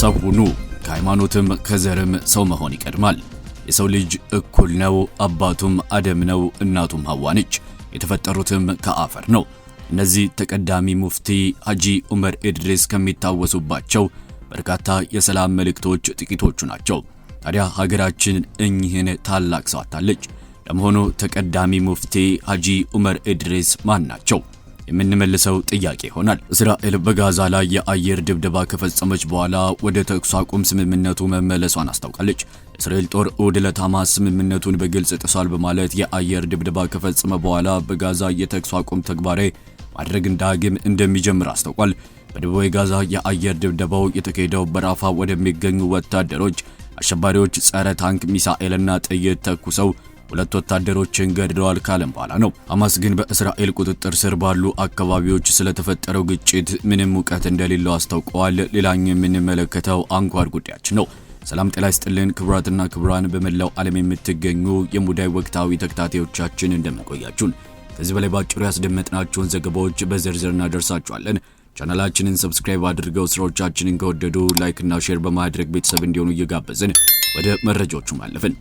ሰው ሁኑ። ከሃይማኖትም ከዘርም ሰው መሆን ይቀድማል። የሰው ልጅ እኩል ነው። አባቱም አደም ነው፣ እናቱም ሐዋ ነች። የተፈጠሩትም ከአፈር ነው። እነዚህ ተቀዳሚ ሙፍቲ ሐጂ ዑመር ኢድሪስ ከሚታወሱባቸው በርካታ የሰላም መልእክቶች ጥቂቶቹ ናቸው። ታዲያ ሀገራችን እኚህን ታላቅ ሰው ለመሆኑ ተቀዳሚ ሙፍቲ ሐጂ ዑመር ኢድሪስ ማን ናቸው? የምንመልሰው ጥያቄ ይሆናል። እስራኤል በጋዛ ላይ የአየር ድብደባ ከፈጸመች በኋላ ወደ ተኩስ አቁም ስምምነቱ መመለሷን አስታውቃለች። እስራኤል ጦር እሁድ ዕለት ሐማስ ስምምነቱን በግልጽ ጥሷል በማለት የአየር ድብደባ ከፈጸመ በኋላ በጋዛ የተኩስ አቁም ተግባራዊ ማድረግን ዳግም እንደሚጀምር አስታውቋል። በደቡብ ጋዛ የአየር ድብደባው የተካሄደው በራፋ ወደሚገኙ ወታደሮች አሸባሪዎች ጸረ ታንክ ሚሳኤልና ጥይት ተኩሰው ሁለት ወታደሮችን ገድለዋል ካለም በኋላ ነው። ሐማስ ግን በእስራኤል ቁጥጥር ስር ባሉ አካባቢዎች ስለተፈጠረው ግጭት ምንም እውቀት እንደሌለው አስታውቀዋል። ሌላኛው የምንመለከተው አንኳር ጉዳያችን ነው። ሰላም ጤና ይስጥልን ክቡራትና ክቡራን፣ በመላው ዓለም የምትገኙ የሙዳይ ወቅታዊ ተከታታዮቻችን እንደምንቆያችሁን፣ ከዚህ በላይ ባጭሩ ያስደመጥናችሁን ዘገባዎች በዝርዝር እናደርሳችኋለን። ቻናላችንን ሰብስክራይብ አድርገው ስራዎቻችንን ከወደዱ ላይክና ሼር በማድረግ ቤተሰብ እንዲሆኑ እየጋበዝን ወደ መረጃዎቹ ማለፍን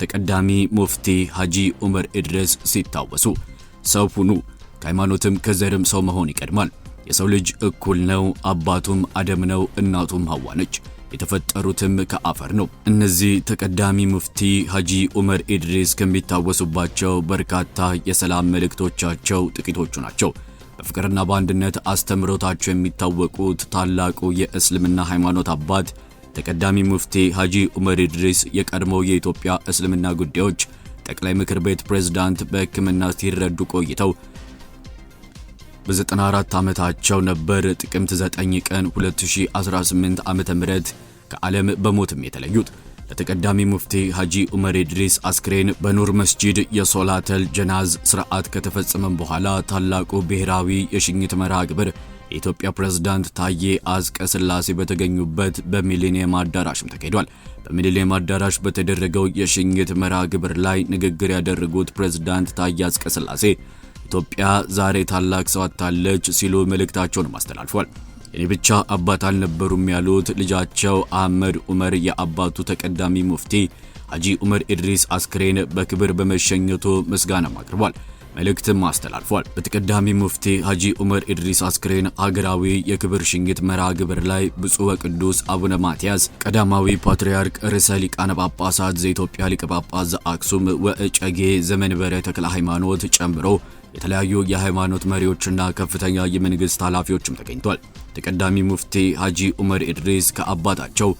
ተቀዳሚ ሙፍቲ ሐጂ ዑመር ኢድሪስ ሲታወሱ ሰው ሁኑ፣ ከሃይማኖትም ከዘርም ሰው መሆን ይቀድማል። የሰው ልጅ እኩል ነው። አባቱም አደም ነው፣ እናቱም ሐዋ ነች። የተፈጠሩትም ከአፈር ነው። እነዚህ ተቀዳሚ ሙፍቲ ሐጂ ዑመር ኢድሪስ ከሚታወሱባቸው በርካታ የሰላም መልእክቶቻቸው ጥቂቶቹ ናቸው። በፍቅርና በአንድነት አስተምሮታቸው የሚታወቁት ታላቁ የእስልምና ሃይማኖት አባት ተቀዳሚ ሙፍቲ ሐጂ ዑመር ኢድሪስ የቀድሞው የኢትዮጵያ እስልምና ጉዳዮች ጠቅላይ ምክር ቤት ፕሬዝዳንት በሕክምና ሲረዱ ቆይተው በ94 ዓመታቸው ነበር ጥቅምት 9 ቀን 2018 ዓ.ም ከዓለም በሞትም የተለዩት። ለተቀዳሚ ሙፍቲ ሐጂ ዑመር ኢድሪስ አስክሬን በኑር መስጂድ የሶላተል ጀናዝ ሥርዓት ከተፈጸመም በኋላ ታላቁ ብሔራዊ የሽኝት መርሃ ግብር የኢትዮጵያ ፕሬዝዳንት ታዬ አጽቀ ሥላሴ በተገኙበት በሚሊኒየም አዳራሽም ተካሂዷል። በሚሊኒየም አዳራሽ በተደረገው የሽኝት መርሃ ግብር ላይ ንግግር ያደረጉት ፕሬዝዳንት ታዬ አጽቀ ሥላሴ ኢትዮጵያ ዛሬ ታላቅ ሰው አጥታለች ሲሉ መልእክታቸውን አስተላልፏል። የኔ ብቻ አባት አልነበሩም ያሉት ልጃቸው አህመድ ዑመር የአባቱ ተቀዳሚ ሙፍቲ ሐጂ ዑመር ኢድሪስ አስክሬን በክብር በመሸኘቱ ምስጋናም አቅርቧል። መልእክትም አስተላልፏል። በተቀዳሚ ሙፍቲ ሀጂ ዑመር ኢድሪስ አስክሬን አገራዊ የክብር ሽኝት መርሃ ግብር ላይ ብፁዕ ወቅዱስ አቡነ ማትያስ ቀዳማዊ ፓትርያርክ ርዕሰ ሊቃነ ጳጳሳት ዘኢትዮጵያ ሊቀ ጳጳስ ዘአክሱም ወእጨጌ ዘመንበረ ተክለ ሃይማኖት ጨምሮ የተለያዩ የሃይማኖት መሪዎችና ከፍተኛ የመንግሥት ኃላፊዎችም ተገኝቷል። ተቀዳሚ ሙፍቲ ሀጂ ዑመር ኢድሪስ ከአባታቸው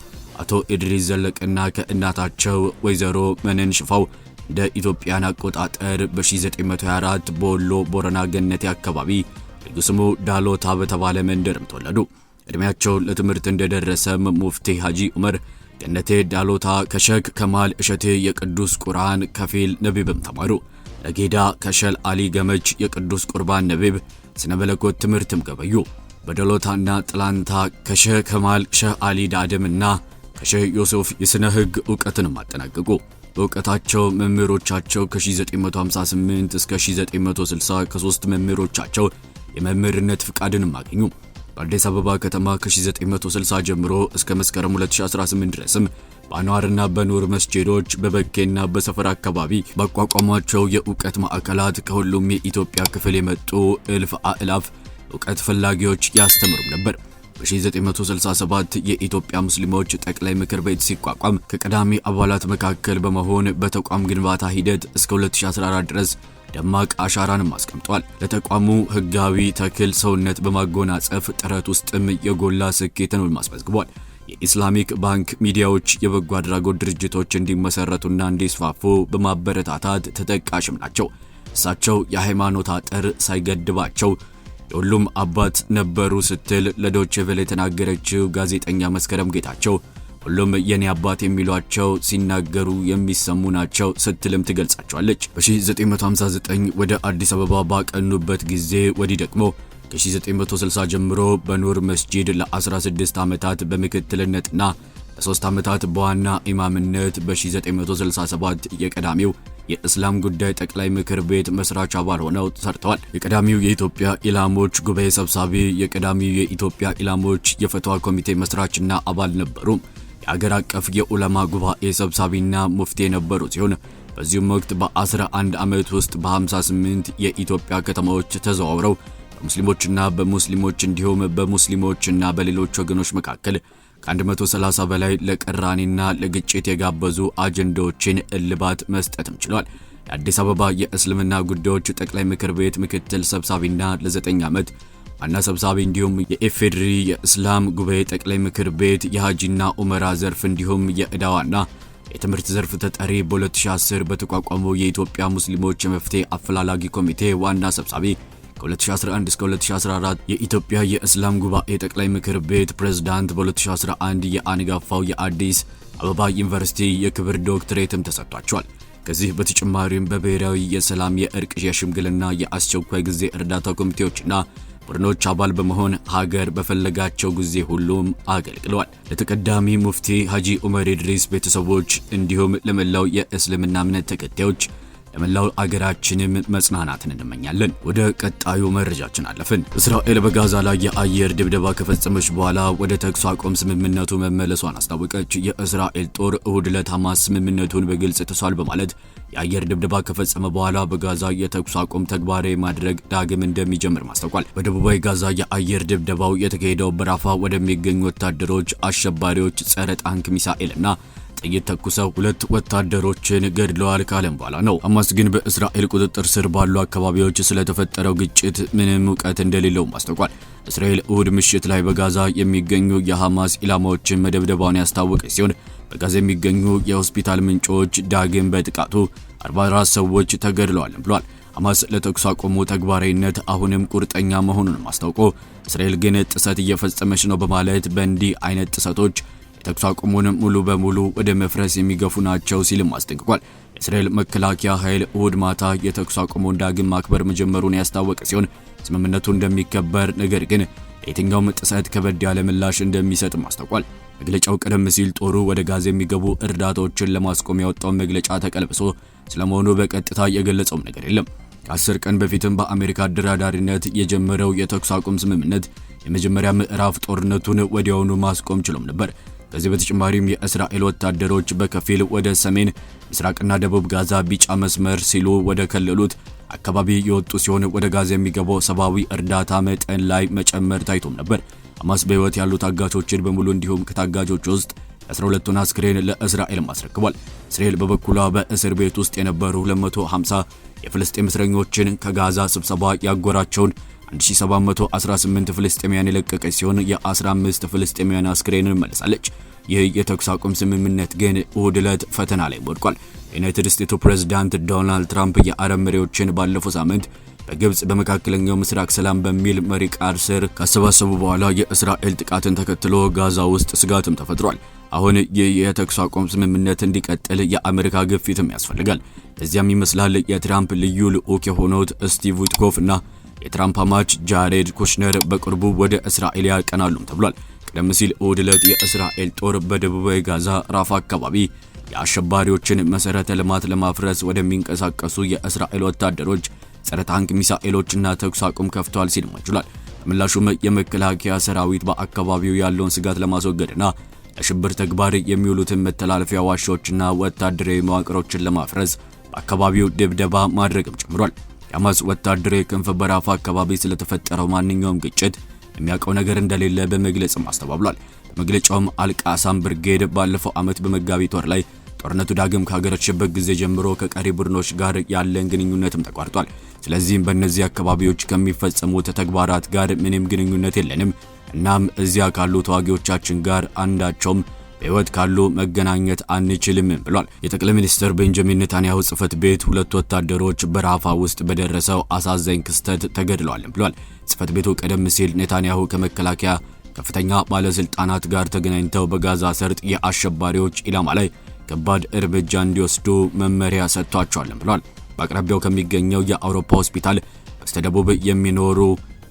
አቶ ኢድሪስ ዘለቅና ከእናታቸው ወይዘሮ መነን ሽፋው እንደ ኢትዮጵያን አቆጣጠር በ1924 በወሎ ቦረና ገነቴ አካባቢ ልዩ ስሙ ዳሎታ በተባለ መንደርም ተወለዱ። ዕድሜያቸው ለትምህርት እንደደረሰም ሙፍቲ ሐጂ ዑመር ገነቴ ዳሎታ ከሸክ ከማል እሸቴ የቅዱስ ቁርአን ከፊል ነቢብም ተማሩ። ለጌዳ ከሸል አሊ ገመች የቅዱስ ቁርባን ነቢብ ስነ መለኮት ትምህርትም ገበዩ። በዳሎታና ጥላንታ ከሸህ ከማል ሸህ አሊ ዳደምና ከሸህ ዮሴፍ የሥነ ሕግ ዕውቀትንም አጠናቀቁ። በእውቀታቸው መምህሮቻቸው ከ1958 እስከ 1960 ከሶስት መምህሮቻቸው የመምህርነት ፍቃድንም አገኙ። በአዲስ አበባ ከተማ ከ1960 ጀምሮ እስከ መስከረም 2018 ድረስም በአኗርና በኑር መስጂዶች በበኬና በሰፈር አካባቢ ባቋቋሟቸው የእውቀት ማዕከላት ከሁሉም የኢትዮጵያ ክፍል የመጡ እልፍ አእላፍ እውቀት ፈላጊዎች ያስተምሩም ነበር። በ1967 የኢትዮጵያ ሙስሊሞች ጠቅላይ ምክር ቤት ሲቋቋም ከቀዳሚ አባላት መካከል በመሆን በተቋም ግንባታ ሂደት እስከ 2014 ድረስ ደማቅ አሻራንም አስቀምጧል። ለተቋሙ ህጋዊ ተክል ሰውነት በማጎናጸፍ ጥረት ውስጥም የጎላ ስኬትን ማስመዝግቧል። የኢስላሚክ ባንክ ሚዲያዎች የበጎ አድራጎት ድርጅቶች እንዲመሰረቱና እንዲስፋፉ በማበረታታት ተጠቃሽም ናቸው። እሳቸው የሃይማኖት አጥር ሳይገድባቸው የሁሉም አባት ነበሩ ስትል ለዶቼ ቬለ የተናገረችው ጋዜጠኛ መስከረም ጌታቸው ሁሉም የኔ አባት የሚሏቸው ሲናገሩ የሚሰሙ ናቸው ስትልም ትገልጻቸዋለች። በ1959 ወደ አዲስ አበባ ባቀኑበት ጊዜ ወዲህ ደግሞ ከ1960 ጀምሮ በኑር መስጂድ ለ16 ዓመታት በምክትልነትና በሦስት ዓመታት በዋና ኢማምነት በ1967 የቀዳሚው የእስላም ጉዳይ ጠቅላይ ምክር ቤት መስራች አባል ሆነው ሰርተዋል። የቀዳሚው የኢትዮጵያ ኢላሞች ጉባኤ ሰብሳቢ፣ የቀዳሚው የኢትዮጵያ ኢላሞች የፈትዋ ኮሚቴ መስራችና አባል ነበሩ። የአገር አቀፍ የዑለማ ጉባኤ ሰብሳቢና ሙፍቲ የነበሩ ሲሆን በዚሁም ወቅት በ11 ዓመት ውስጥ በ58 የኢትዮጵያ ከተማዎች ተዘዋውረው በሙስሊሞችና በሙስሊሞች እንዲሁም በሙስሊሞችና በሌሎች ወገኖች መካከል ከ130 በላይ ለቅራኔና ለግጭት የጋበዙ አጀንዳዎችን እልባት መስጠትም ችሏል። የአዲስ አበባ የእስልምና ጉዳዮች ጠቅላይ ምክር ቤት ምክትል ሰብሳቢና ለዘጠኝ ዓመት ዋና ሰብሳቢ እንዲሁም የኢፌዴሪ የእስላም ጉባኤ ጠቅላይ ምክር ቤት የሐጂና ኡመራ ዘርፍ እንዲሁም የእዳዋና የትምህርት ዘርፍ ተጠሪ በ2010 በተቋቋመው የኢትዮጵያ ሙስሊሞች የመፍትሄ አፈላላጊ ኮሚቴ ዋና ሰብሳቢ ከ2011 እስከ 2014 የኢትዮጵያ የእስላም ጉባኤ ጠቅላይ ምክር ቤት ፕሬዝዳንት፣ በ2011 የአንጋፋው የአዲስ አበባ ዩኒቨርሲቲ የክብር ዶክትሬትም ተሰጥቷቸዋል። ከዚህ በተጨማሪም በብሔራዊ የሰላም የእርቅ፣ የሽምግልና፣ የአስቸኳይ ጊዜ እርዳታ ኮሚቴዎችና ቡድኖች አባል በመሆን ሀገር በፈለጋቸው ጊዜ ሁሉም አገልግለዋል። ለተቀዳሚ ሙፍቲ ሀጂ ዑመር ኢድሪስ ቤተሰቦች እንዲሁም ለመላው የእስልምና እምነት ተከታዮች ለመላው አገራችንም መጽናናትን እንመኛለን። ወደ ቀጣዩ መረጃችን አለፍን። እስራኤል በጋዛ ላይ የአየር ድብደባ ከፈጸመች በኋላ ወደ ተኩስ አቁም ስምምነቱ መመለሷን አስታወቀች። የእስራኤል ጦር እሁድ ዕለት ሐማስ ስምምነቱን በግልጽ ጥሷል በማለት የአየር ድብደባ ከፈጸመ በኋላ በጋዛ የተኩስ አቁም ተግባራዊ ማድረግ ዳግም እንደሚጀምር ማስታውቋል። በደቡባዊ ጋዛ የአየር ድብደባው የተካሄደው በራፋ ወደሚገኙ ወታደሮች፣ አሸባሪዎች፣ ጸረ ታንክ ሚሳኤልና ጥይት ተኩሰው ሁለት ወታደሮችን ገድለዋል ካለም በኋላ ነው። ሐማስ ግን በእስራኤል ቁጥጥር ስር ባሉ አካባቢዎች ስለተፈጠረው ግጭት ምንም እውቀት እንደሌለው አስታውቋል። እስራኤል እሁድ ምሽት ላይ በጋዛ የሚገኙ የሐማስ ኢላማዎችን መደብደባውን ያስታወቀች ሲሆን በጋዛ የሚገኙ የሆስፒታል ምንጮች ዳግም በጥቃቱ 44 ሰዎች ተገድለዋል ብሏል። ሐማስ ለተኩስ አቁሙ ተግባራዊነት አሁንም ቁርጠኛ መሆኑንም አስታውቆ እስራኤል ግን ጥሰት እየፈጸመች ነው በማለት በእንዲህ አይነት ጥሰቶች የተኩስ አቁሙንም ሙሉ በሙሉ ወደ መፍረስ የሚገፉ ናቸው ሲልም አስጠንቅቋል። የእስራኤል መከላከያ ኃይል እሁድ ማታ የተኩስ አቁሙን ዳግም ማክበር መጀመሩን ያስታወቀ ሲሆን ስምምነቱ እንደሚከበር ነገር ግን የትኛውም ጥሰት ከበድ ያለ ምላሽ እንደሚሰጥም አስታውቋል። መግለጫው ቀደም ሲል ጦሩ ወደ ጋዛ የሚገቡ እርዳታዎችን ለማስቆም ያወጣውን መግለጫ ተቀልብሶ ስለመሆኑ በቀጥታ የገለጸውም ነገር የለም። ከአስር ቀን በፊትም በአሜሪካ አደራዳሪነት የጀመረው የተኩስ አቁም ስምምነት የመጀመሪያ ምዕራፍ ጦርነቱን ወዲያውኑ ማስቆም ችሎም ነበር። ከዚህ በተጨማሪም የእስራኤል ወታደሮች በከፊል ወደ ሰሜን ምስራቅና ደቡብ ጋዛ ቢጫ መስመር ሲሉ ወደ ከለሉት አካባቢ የወጡ ሲሆን ወደ ጋዛ የሚገባው ሰብአዊ እርዳታ መጠን ላይ መጨመር ታይቶም ነበር። ሐማስ በሕይወት ያሉ ታጋቾችን በሙሉ እንዲሁም ከታጋቾች ውስጥ የ12ቱን አስክሬን ለእስራኤልም አስረክቧል። እስራኤል በበኩሏ በእስር ቤት ውስጥ የነበሩ 250 የፍልስጤም እስረኞችን ከጋዛ ስብሰባ ያጎራቸውን 1718 ፍልስጤማውያን የለቀቀች ሲሆን የ15 ፍልስጤማውያን አስክሬንን መልሳለች። ይህ የተኩስ አቁም ስምምነት ግን እሁድ ዕለት ፈተና ላይ ወድቋል። የዩናይትድ ስቴቱ ፕሬዝዳንት ዶናልድ ትራምፕ የአረብ መሪዎችን ባለፈው ሳምንት በግብፅ በመካከለኛው ምስራቅ ሰላም በሚል መሪ ቃል ስር ካሰባሰቡ በኋላ የእስራኤል ጥቃትን ተከትሎ ጋዛ ውስጥ ስጋትም ተፈጥሯል። አሁን ይህ የተኩስ አቁም ስምምነት እንዲቀጥል የአሜሪካ ግፊትም ያስፈልጋል። እዚያም ይመስላል የትራምፕ ልዩ ልዑክ የሆኑት ስቲቭ ዊትኮፍ እና የትራምፕ አማች ጃሬድ ኩሽነር በቅርቡ ወደ እስራኤል ያቀናሉም ተብሏል። ቀደም ሲል እሁድ ዕለት የእስራኤል ጦር በደቡባዊ ጋዛ ራፋ አካባቢ የአሸባሪዎችን መሠረተ ልማት ለማፍረስ ወደሚንቀሳቀሱ የእስራኤል ወታደሮች ጸረ ታንክ ሚሳኤሎችና ተኩስ አቁም ከፍተዋል ሲል መችሏል። በምላሹም የመከላከያ ሰራዊት በአካባቢው ያለውን ስጋት ለማስወገድና ለሽብር ተግባር የሚውሉትን መተላለፊያ ዋሻዎችና ወታደራዊ መዋቅሮችን ለማፍረስ በአካባቢው ድብደባ ማድረግም ጨምሯል። የሐማስ ወታደራዊ ክንፍ በራፋ አካባቢ ስለተፈጠረው ማንኛውም ግጭት የሚያውቀው ነገር እንደሌለ በመግለጽም አስተባብሏል። በመግለጫውም አልቃሳም ብርጌድ ባለፈው ዓመት በመጋቢት ወር ላይ ጦርነቱ ዳግም ካገረሸበት ጊዜ ጀምሮ ከቀሪ ቡድኖች ጋር ያለን ግንኙነትም ተቋርጧል። ስለዚህም በእነዚህ አካባቢዎች ከሚፈጸሙት ተግባራት ጋር ምንም ግንኙነት የለንም። እናም እዚያ ካሉ ተዋጊዎቻችን ጋር አንዳቸውም ህይወት ካሉ መገናኘት አንችልም ብሏል። የጠቅላይ ሚኒስትር ቤንጃሚን ኔታንያሁ ጽህፈት ቤት ሁለት ወታደሮች በራፋ ውስጥ በደረሰው አሳዛኝ ክስተት ተገድለዋል ብሏል። ጽህፈት ቤቱ ቀደም ሲል ኔታንያሁ ከመከላከያ ከፍተኛ ባለስልጣናት ጋር ተገናኝተው በጋዛ ሰርጥ የአሸባሪዎች ኢላማ ላይ ከባድ እርምጃ እንዲወስዱ መመሪያ ሰጥቷቸዋል ብሏል። በአቅራቢያው ከሚገኘው የአውሮፓ ሆስፒታል በስተደቡብ የሚኖሩ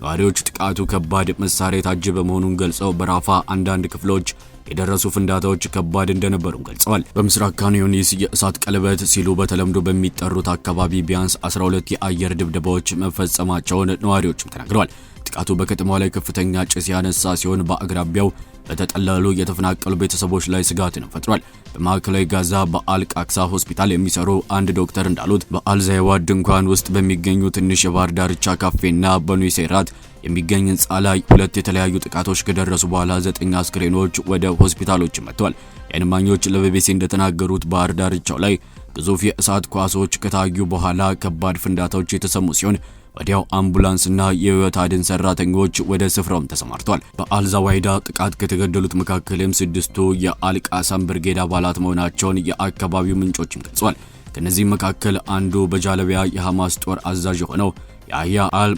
ነዋሪዎች ጥቃቱ ከባድ መሳሪያ የታጀበ መሆኑን ገልጸው በራፋ አንዳንድ ክፍሎች የደረሱ ፍንዳታዎች ከባድ እንደነበሩም ገልጸዋል። በምስራቅ ካንዮኒስ የእሳት ቀለበት ሲሉ በተለምዶ በሚጠሩት አካባቢ ቢያንስ 12 የአየር ድብደባዎች መፈጸማቸውን ነዋሪዎችም ተናግረዋል። ጥቃቱ በከተማ ላይ ከፍተኛ ጭስ ያነሳ ሲሆን በአቅራቢያው በተጠለሉ የተፈናቀሉ ቤተሰቦች ላይ ስጋትን ፈጥሯል። በማዕከላዊ ጋዛ በአልቃክሳ ሆስፒታል የሚሰሩ አንድ ዶክተር እንዳሉት በአልዛይዋ ድንኳን ውስጥ በሚገኙ ትንሽ የባህር ዳርቻ ካፌና በኑሴራት የሚገኝ ህንፃ ላይ ሁለት የተለያዩ ጥቃቶች ከደረሱ በኋላ ዘጠኝ አስክሬኖች ወደ ሆስፒታሎች መጥተዋል። የዓይን እማኞች ለቢቢሲ እንደተናገሩት ባህር ዳርቻው ላይ ግዙፍ የእሳት ኳሶች ከታዩ በኋላ ከባድ ፍንዳታዎች የተሰሙ ሲሆን ወዲያው አምቡላንስና የህይወት አድን ሰራተኞች ወደ ስፍራውም ተሰማርተዋል። በአልዛዋይዳ ጥቃት ከተገደሉት መካከልም ስድስቱ የአልቃሳም ብርጌድ አባላት መሆናቸውን የአካባቢው ምንጮችም ገልጸዋል። ከእነዚህም መካከል አንዱ በጃለቢያ የሐማስ ጦር አዛዥ የሆነው የአህያ አል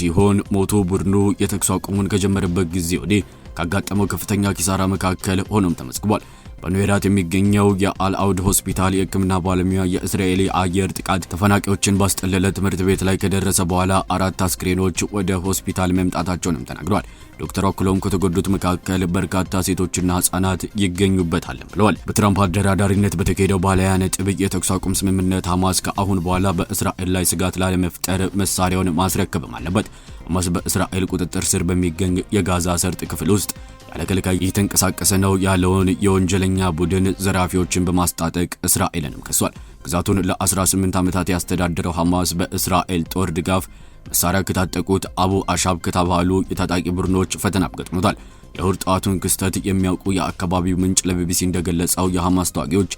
ሲሆን ሞቱ። ቡድኑ የተኩስ አቁሙን ከጀመረበት ጊዜ ወዲህ ካጋጠመው ከፍተኛ ኪሳራ መካከል ሆኖም ተመዝግቧል። በኑዌራት የሚገኘው የአልአውድ ሆስፒታል የህክምና ባለሙያ የእስራኤል አየር ጥቃት ተፈናቂዎችን ባስጠለለ ትምህርት ቤት ላይ ከደረሰ በኋላ አራት አስክሬኖች ወደ ሆስፒታል መምጣታቸውንም ተናግረዋል። ዶክተር አክሎም ከተጎዱት መካከል በርካታ ሴቶችና ህጻናት ይገኙበታልም ብለዋል። በትራምፕ አደራዳሪነት በተካሄደው ባለ ሃያ ነጥብ የተኩስ አቁም ስምምነት ሐማስ ከአሁን በኋላ በእስራኤል ላይ ስጋት ላለመፍጠር መሳሪያውን ማስረከብም አለበት። ሐማስ በእስራኤል ቁጥጥር ስር በሚገኝ የጋዛ ሰርጥ ክፍል ውስጥ ያለከልካይ እየተንቀሳቀሰ ነው ያለውን የወንጀለኛ ቡድን ዘራፊዎችን በማስታጠቅ እስራኤልንም ከሷል። ግዛቱን ለ18 ዓመታት ያስተዳደረው ሐማስ በእስራኤል ጦር ድጋፍ መሳሪያ ከታጠቁት አቡ አሻብ ከተባሉ የታጣቂ ቡድኖች ፈተና ገጥሞታል። የእሁድ ጠዋቱን ክስተት የሚያውቁ የአካባቢው ምንጭ ለቢቢሲ እንደገለጸው የሐማስ ተዋጊዎች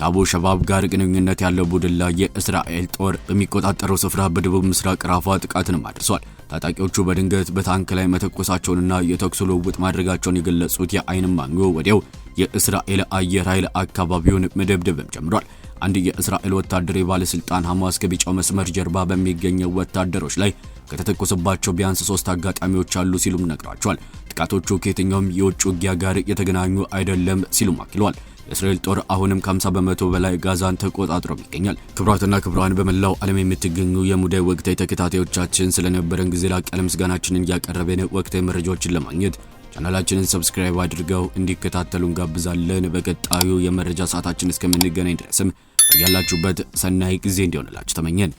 ከአቡ ሸባብ ጋር ግንኙነት ያለው ቡድን ላይ የእስራኤል ጦር በሚቆጣጠረው ስፍራ በደቡብ ምስራቅ ራፋ ጥቃትንም አድርሷል። ታጣቂዎቹ በድንገት በታንክ ላይ መተኮሳቸውንና የተኩስ ልውውጥ ማድረጋቸውን የገለጹት የአይን እማኙ ወዲያው የእስራኤል አየር ኃይል አካባቢውን መደብደብም ጀምሯል። አንድ የእስራኤል ወታደር ባለስልጣን ሐማስ ከቢጫው መስመር ጀርባ በሚገኘው ወታደሮች ላይ ከተተኮሰባቸው ቢያንስ ሶስት አጋጣሚዎች አሉ ሲሉም ነግሯቸዋል። ጥቃቶቹ ከየትኛውም የውጭ ውጊያ ጋር የተገናኙ አይደለም ሲሉም አክለዋል። የእስራኤል ጦር አሁንም ከ50 በመቶ በላይ ጋዛን ተቆጣጥሮ ይገኛል። ክብራትና ክብራን በመላው ዓለም የምትገኙ የሙዳይ ወቅታዊ ተከታታዮቻችን ስለነበረን ጊዜ ላቅ ያለ ምስጋናችንን እያቀረበን ወቅታዊ መረጃዎችን ለማግኘት ቻናላችንን ሰብስክራይብ አድርገው እንዲከታተሉ እንጋብዛለን። በቀጣዩ የመረጃ ሰዓታችን እስከምንገናኝ ድረስም ያላችሁበት ሰናይ ጊዜ እንዲሆንላችሁ ተመኘን።